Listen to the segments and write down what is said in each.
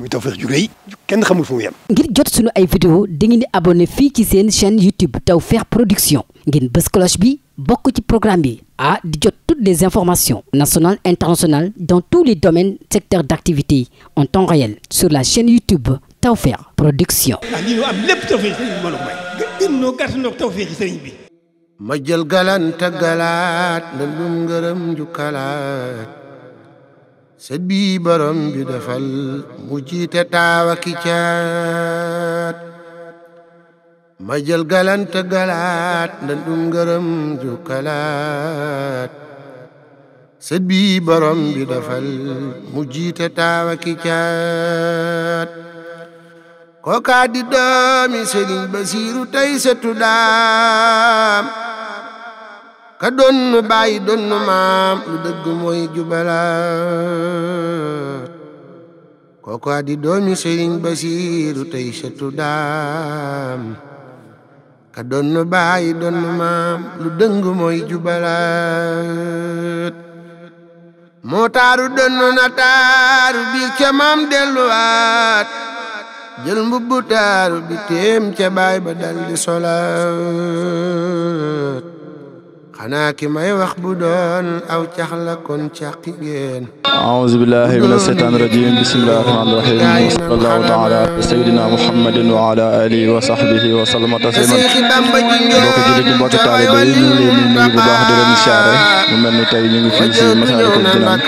muy Tawfekh ju rëy kenn xamul fu mu yem. ngir jot sunu ay vidéo dangeen di abonné fii ci seen chaîne YouTube Tawfekh Production ngeen bës bi bokk ci programme bi ah di jot toutes les informations nationales internationales dans tous les domaines secteurs d'activité en temps réel sur la chaîne YouTube Tawfekh Production. ah lii am lépp Tawfekh sëriñ bi may. bi. ma jël galan te galaat ndëndum ngërëm ju sët bi borom bi defal mu jiite taawa ki galante galaat ndandum ngërëm kalaat sët bi borom bi defal mu jiite taawa kookaa di doomi sëriñ Basiiru tey sëtu daam ka doon nu bàyyi doon nu maam lu dëgg mooy jubalaat kooku di doomi Sëriñ Basiiru tey setu daam ka doon nu bàyyi doon nu maam lu dëng mooy jubalaat moo taaru doon na taaru biir ca maam delluwaat jël mbubbu taaru bi téem ca baay ba dal solaat xanaa ki may wax bu doon aw cax la kon càqi ngeen aouzu billahi min asheytaan rajim bismillahi rahmaani rahim wa sallallahu taala ala sayidina muhammadin wa ala alihi wa sahbihi wa sallama tasliman mbokk jullit yi mbokk taalibe yi ñu ngi leen di nuyu bu baax di leen siyaare mu mel ni tey ñu ngi fii si Masaalikul Jinaan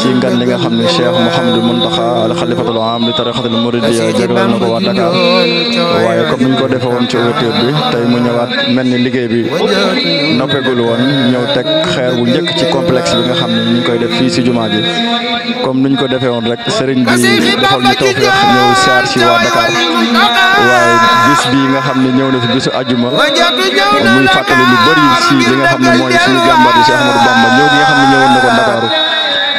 si ngan li nga xam ne Cheikh Mouhamadou Mountakha al xalifatul aam li tarixatul muridiyya jagleel na ko waa Dakar waaye comme niñ ko defee woon ci ouverture bi tey mu ñëwaat mel ni liggéey bi noppegul woon ñëw teg xeer bu njëkk ci complexe bi nga xam ne ñu koy def fii si jumaa ji comme niñ ko defee woon rek sëriñ bi defal ñu tawfeex ñëw siyaar si waa Dakar waaye bis bi nga xam ni ñëw na fi bisu àjjuma muy fàttali lu bëri si li nga xam ne mooy suñu jàmbaar si Ahmadou Bamba ñëw gi nga xam ne na ko Ndakaaru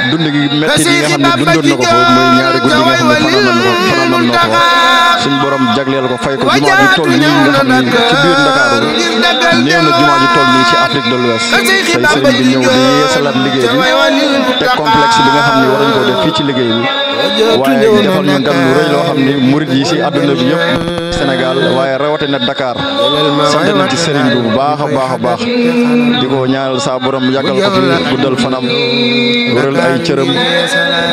dund gi metti nga xam ne dundoon na ko na ko ko suñ borom jagleel ko fay ko jumaa ji toll nii nga xam ne ci biir Ndakaaru néew na jumaa ji toll nii ci Afrique de l'Ouest tey sëriñ bi ñëw di yeesalaat liggéey bi te complexe bi nga xam ne war ko koo def fii ci liggéey bi waaye defal ñu gan lu rëy loo xam ne murid yi si àdduna bi yëpp Sénégal waaye rawatina Dakar sant nañ ci sëriñ bi bu baax a baax a baax di ko ñaanal saa borom yàggal ko fi guddal fanam wëral ay cërëm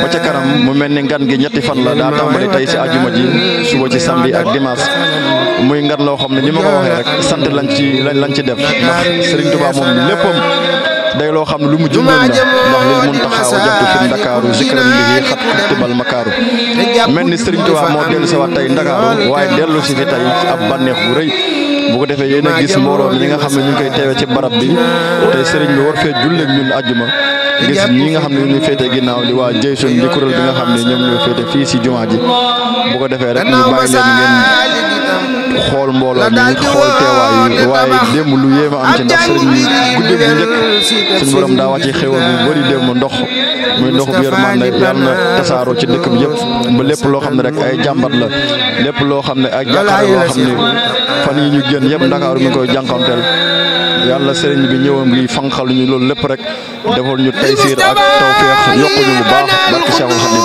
ba ca kanam mu mel ni ngan gi ñetti fan la daa tàmbali tey si ajuma ji suba ci samedi ak dimanche muy ngan loo xam ne ni ma ko waxee rek sant lañ ci lañ ci def ndax sëriñ Tuubaa moom léppam loo xam ne lu mu jëmoon la ndax lil mun taxaaw jabtu fi ndakaaru zikran lihi xat kutibal makaaru mel ni Serigne waa moo dellu si waat tey ndakaaru waaye dellu si fi tey ci ab bànneex bu rëy bu ko defee yéen a gis mbooloo mi nga xam ne ñu ngi koy teewe ci barab bi tey sëriñ bi war fee julleeg ñun àjjuma gis ñi nga xam ne ñu féete ginnaaw li waa Jeysun di kuréel bi nga xam ne ñoom ñoo féete fii si jumaa ji bu ko defee rek ñu bàyyi leen ngeen xool mbooloo mi xool teewaay yi waaye démb lu yéem a am ci ndax sëriñ bi guddi bu njëkk suñu borom daa wàccee xéwal bu bëri ndox muy ndox bu yërmande yal na uh, tasaaroo ci dëkk bi yëpp ba lépp loo xam ne rek ay jàmbat la lépp loo xam ne ay jàkkaar loo xam ne fan yi ñu génn yëpp Ndakaaru mi ngi koy jànkonteel yàlla sëriñ bi ñëwam gi fanqal ñu loolu lépp rek defal ñu taysiir ak tawféex yokku bu baax barki Cheikhul Khadim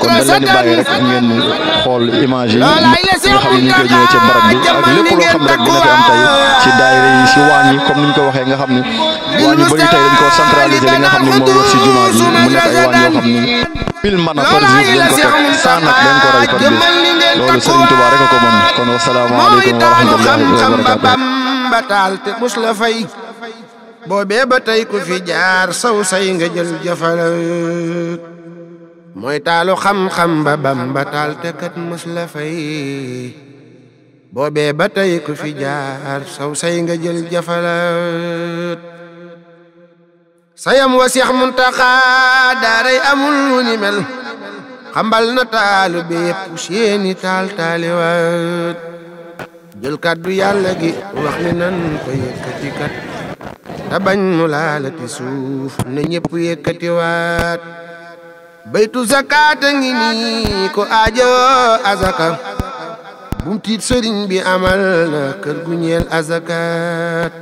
kon dañ leen di bàyyi rek ngeen xool image yi nga xam ne ñu koy ñëwee ci barab bi ak lépp loo xam rek dina fi am tey ci daayira yi si waañ yi comme ni ñu ko waxee nga xam ni waañ ñu bëri tey dañ koo centraliser li nga xam ne moo wër si jumaa yi mu nekk ay waañ yoo xam ne pile mën a par jour dañ ko teg saa nag dañ ko rey par bis loolu Serigne Touba rek a ko mën kon wasalaamaaleykum wa rahmatullahi wa barakaatu bataal te mus la fay boobee ba tey ku fi jaar saw say nga jël jëfal mooy taalu xam-xam ba bambataal te kat mus la fay boobee ba tey ku fi jaar saw say nga jël jëfalat sayam wa Seex Muntaxa daaray amul lu ni mel xambal na taalu bi yëpp seeni taal taaliwaat jël kàddu yàlla gi wax ni nan ko yëkkati kat te bañ mu laalati suuf na ñëpp yëkkatiwaat baytu zakaata ngi nii ko aajo azaka bum tiit sëriñ bi amal na kër gu ñeel azakaat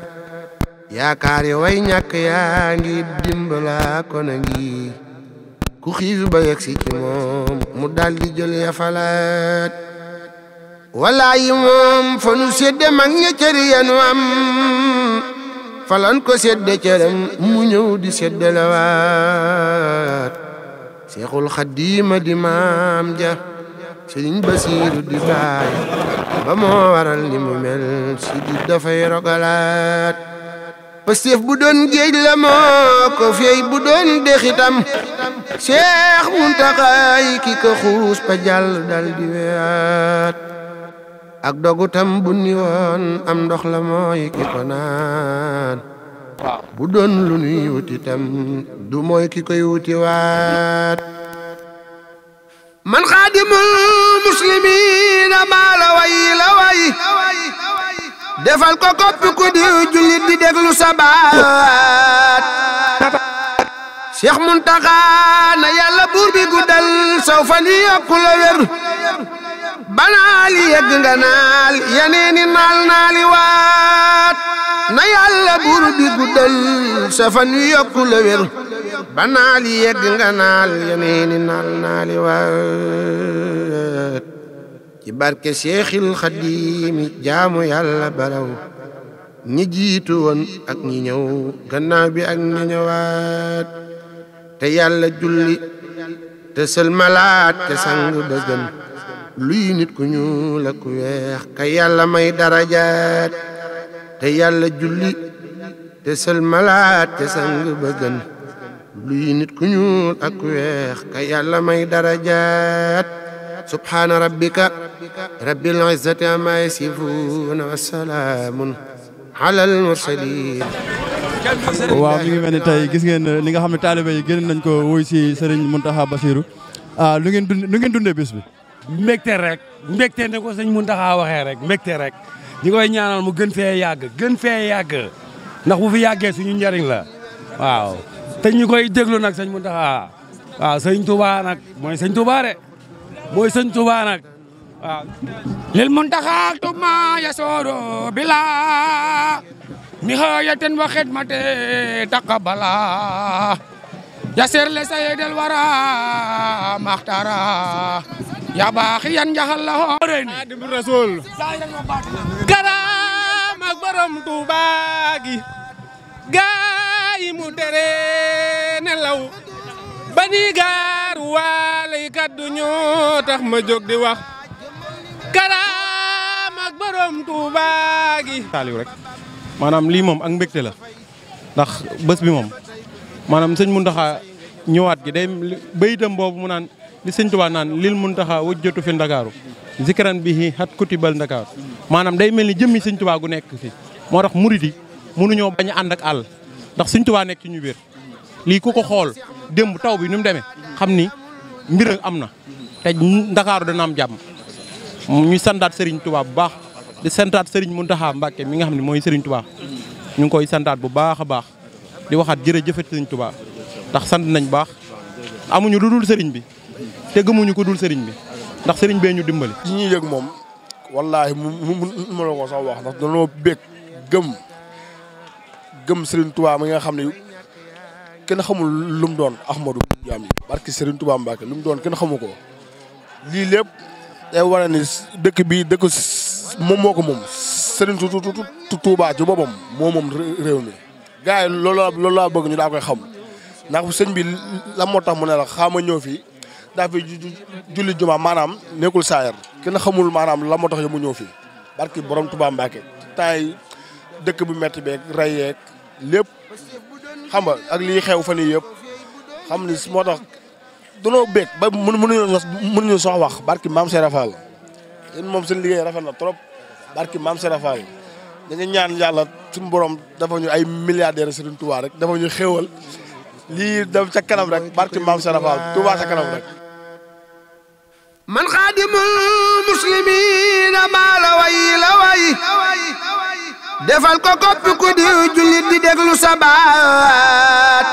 yaakaar yi way ñàkk yaa ngi dimbala na ngi ku xiif ba yegsi ci moom mu daldi jël ya falaat walaayi moom fa nu mag ña cëri yanu am falan ko sédde cëram mu ñëw di sédde lawaat seexul xadiima di maam ja sëriñ basiiru di baay ba moo waral ni mu mel si di dafay rogalaat Pastef bu doon géej la moo ko fey bu doon dexitam Cheikh Muntaxaay ki ko xuus pa jàll dal di weet ak dogutam bu ni woon am ndox la mooy ki ko naan bu doon lu nuy wutitam du mooy ki koy wuti waat man xaadimul muslimiin defal ko kopp ku di jullit di sabaat Cheikh Muntaxa na yàlla buur bi guddal saw fan yi yokk la wér banaal yi yegg nga naal yeneeni naal naali waat na yàlla buur bi guddal sa fan yi yokk la wér banaal yi yegg nga naal yeneeni naal naali waat ci barke Seexil Xadiimi jaamu yàlla balaw ñi jiitu ak ñi ñëw gannaaw bi ak ñi ñëwaat te yàlla julli te sëlmalaat te sang ba luy nit ku ñuul ak weex ka yàlla may darajaat te yàlla julli te sëlmalaat te sang ba luy nit ku ñuul ak weex ka yàlla may darajaat subhaana rabbika rabbil izzati ammaa yasifuun wa salaamun alal mursaliin waaw mi ngi mel ni tey gis ngeen li nga xam ne taalibe yi génn nañ ko wuy si Serigne Mountakha Bassirou ah lu ngeen dund ngeen dundee bis bi. mbégte rek mbégte ne ko sëñ Mountakha waxee rek mbégte rek ñi koy ñaanal mu gën fee yàgg gën fee yàgg ndax bu fi yàggee suñu njëriñ la waaw te ñu koy déglu nag sëñ Mountakha waaw sëñ Touba nag mooy sëñ Touba de. mooy sëñ lil muntaxa tuma yasoro bila nihayatan wa xidmate taqabala yasir le sayedel wara maxtara ya baaxiyan njaxal la xooren Xaadimu Rasuul karam ak mu tere nelaw bani gaay waale kaddu ñoo tax ma jóg di wax karaam ak borom Touba gi. rek maanaam lii moom ak mbégte la ndax bés bi moom maanaam sëñ Muntaxa ñëwaat gi day béyitam boobu mu naan li sëñ Touba naan lil Muntaxa wajjatu fi Ndakaaru zikran bi xat kutibal Ndakaaru maanaam day mel ni jëmmi sëñ Touba gu nekk fi moo tax mu yi mënuñoo bañ a ak àll ndax sëñ Touba nekk ci ñu biir lii ku ko xool. démb taw bi nu mu demee xam ni mbir am na te ndakaaru dana am jàmm ñu santaat Serigne Touba bu baax di santaat Serigne Mountakha Mbacké mi nga xam ne mooy Serigne Touba ñu ngi koy santaat bu baax a baax di waxaat jërëjëfat Serigne Touba ndax sant nañ baax amuñu lu dul sëriñ bi te gëmuñu ko dul sëriñ bi ndax Serigne bee ñu dimbali. li ñuy yëg moom wallaahi mu mu ma la ko sax wax ndax dañoo bég gëm gëm Serigne Touba mi nga xam ne. kenn xamul lu mu doon Ahmadou jaam yi barki Serigne Touba Mbacke lu mu doon kenn xamu ko lii lépp day wane dëkk bi dëkk moom moo ko moom Serigne Touba ci boppam moo moom réew mi gars yi loolu laa bëgg ñu daa koy xam ndax sëñ bi la moo tax mu ne la xaama ñëw fii daa fi julli juma maanaam nekkul saayar kenn xamul maanaam la moo tax yow mu ñëw fii barki borom Touba Mbacke taay dëkk bu metti beeg rey lépp xam nga ak lii xew fan yii yëpp xam ni moo tax danoo béeg ba mënuñu mënuñu sox wax barki maam Serap Fall yéen moom seen liggéey rafet na trop barki maam Serap Fall dañu ñaan yàlla suñu borom dafa ñu ay milliardaires Serigne Touba rek dafa ñu xewal lii daf ca kanam rek barki maam Serap Fall Touba ca kanam rek. man xaadimul muslimina maa la way defal ko koppi ku di jullit di déglu sabaat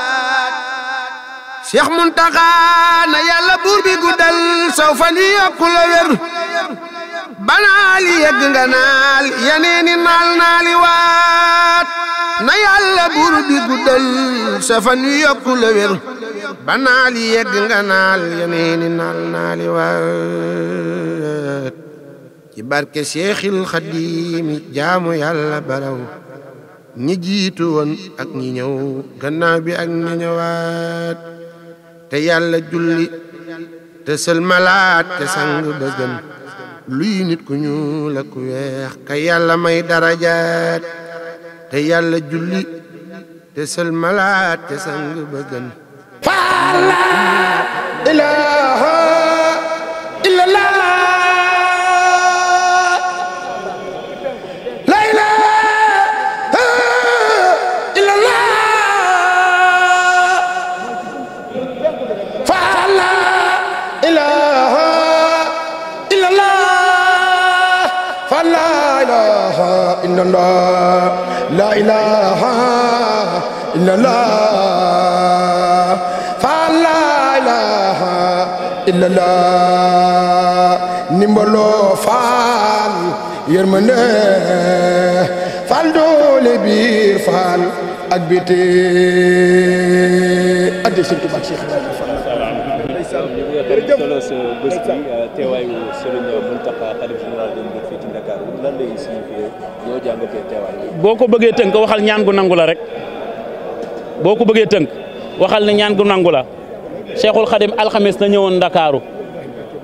Cheikh Muntaxa na yàlla buur bi guddal saw fan yi yokku naal yeneeni naal na yàlla buur bi guddal sa fan yi yokku naal yeneeni naal ci barke seexil xadiimi jaamu yàlla baraw ñi jiitu ak ñi ñëw gannaaw bi ak ñi ñëwaat te yàlla julli te sëlmalaat te sang ba gën luy nit ku ñuul ku weex ka yàlla may darajaat te yàlla julli te sëlmalaat te sang ba gën. àndandoo la ilaha illallah fa la ilaha illallah ndimbaloo faal yërmande faal doole biir faal ak biti addi sëñ Tuubaa Cheikh Ibrahima Fall jërëjëf euh, boo ko bëggee tënk waxal ñaan gu nangu la rek boo ko bëggee tënk waxal ne ñaan gu nangu alxames na ñëwoon Ndakaaru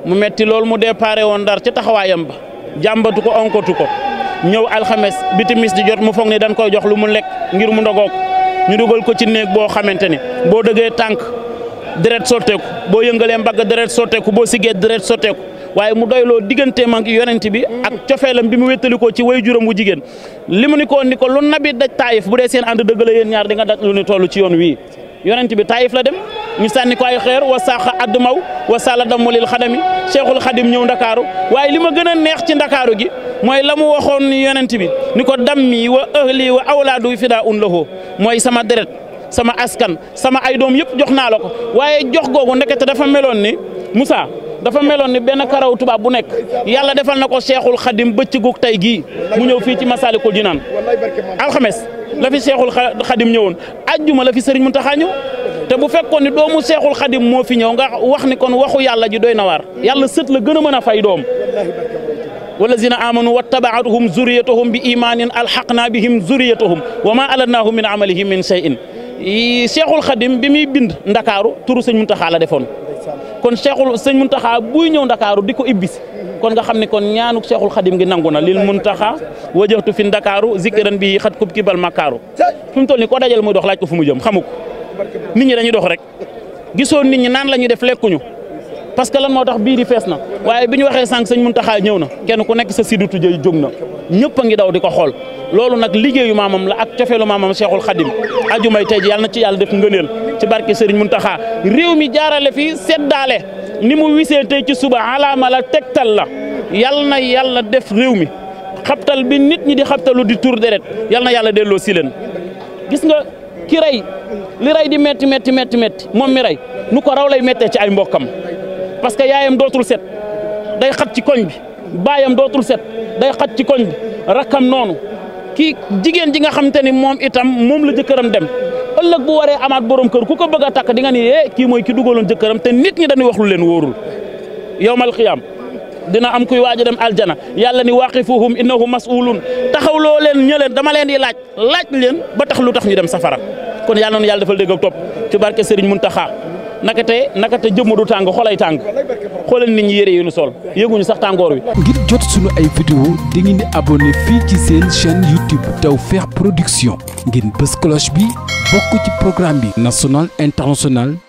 mu metti loolu mu déparé woon Ndar ca taxawaayam ba jàmbatu ko onkatu ko ñëw alxames bi timis di jot mu foog ne dañ koy jox lu mu lekk ngir mu ndogoo ko ñu dugal ko ci boo xamante ne boo dëggee tànk. deret sotteeku boo yëngalee mbagg deret sotteeku boo siggee deret sotteeku waaye mu doyloo digganteem ak yonent bi ak cofeelam bi mu wéttalikoo ci way juróom wu jigéen li mu ni ni ko lu nabi daj taayif bu dee seen ànd dëgg la yéen ñaar di nga daj lu ni toll ci yoon wii yonent bi taayif la dem ñu sànni ko ay xeer wa saaxa addumaw wa sala damulil xadami cheikhul xadim ñëw ndakaaru waaye li ma gën a neex ci ndakaaru gi mooy la mu waxoon yonent bi ni ko dammi wa ahli wa awlaadu fidaa un lahoo mooy sama deret sama askan sama ay doom yëpp jox naa la ko waaye jox googu te dafa meloon ni Moussa dafa meloon ni benn karaw tubaab bu nekk yàlla defal na ko Cheikhul Khadim bëccëgu tey gii mu ñëw fii ci Masaalikul Jinaan alxames la fi Cheikhul Khadim ñëwoon ajjuma la fi Serigne Mountakha ñëw te bu fekkoon ni doomu Cheikhul Khadim moo fi ñëw nga wax ni kon waxu yàlla ji doy na waar yàlla sët la gën a mën a fay doom walazina amanu wattabaatuhum zuriyatuhum bi imanin alxaqna bihim zuriyatuhum wa ma alatnahum min amalihim min cheyin Cheikhul Khadim bi muy bind ndakaaru turu sëñ Muntaxa la defoon kon Cheikhul sëñ taxa buy ñëw ndakaaru di ko ibbisi kon nga xam ne kon ñaanuk Cheikhul Khadim gi nangu na lil Muntaxa wajëxtu fi ndakaaru zikran bi xat kub kibal makaaru fi mu toll nii koo dajal muy dox laaj ko fu mu jëm xamu ko ñi dañuy dox rek gisoon nit ñi naan la ñu def lekkuñu parce que lan moo tax bii di fees na waaye bi ñu waxee sànq mun Muntaxa ñëw na kenn ku nekk sa sidutu jëy jóg na ñëpp a ngi daw di ko xool loolu nag liggéeyu maamam la ak cofeelu maamam Cheikhul Khadim aju may tey ji yàlla na ci yàlla def ngëneel ci barke Serigne Muntaxa réew mi jaarale fii seddaale ni mu wisee tey ci suba alaama la tegtal la yàlla na yàlla def réew mi xaptal bi nit ñi di xabtalu di tur deret yàlla na yàlla delloo si leen gis nga ki rey li rey di metti metti metti moom mi rey nu ko raw lay méttee ci ay mbokkam parce que yaayam dootul set day xat ci koñ bi baayam dootul set day xat ci koñ bi rakkam noonu kii jigéen ji nga xam ni moom itam moom la jëkkëram dem ëllëg bu waree amaat borom kër ku ko bëgg a takk di nga ni eh kii mooy ki dugaloon jëkkëram te nit ñi dañuy wax leen wóorul yowmal qiyaam dina am kuy waaj a dem aljana yàlla ni waqifuhum innahum mas'ulun taxaw loo leen ñë dama leen di laaj laaj leen ba tax lu tax ñu dem safara kon yàlla noonu yàlla dafa dégg ak topp ci barke Serigne Mountakha naka te naka te jëmm du tàng xolay tàng xoolal nit ñi yére yu ñu sol yëguñu sax tàngoor wi. ngir jot sunu ay vidéo di ngeen di abonné fii ci seen chaîne YouTube Tawfekh Production ngeen bës cloche bi bokk ci programme bi national international.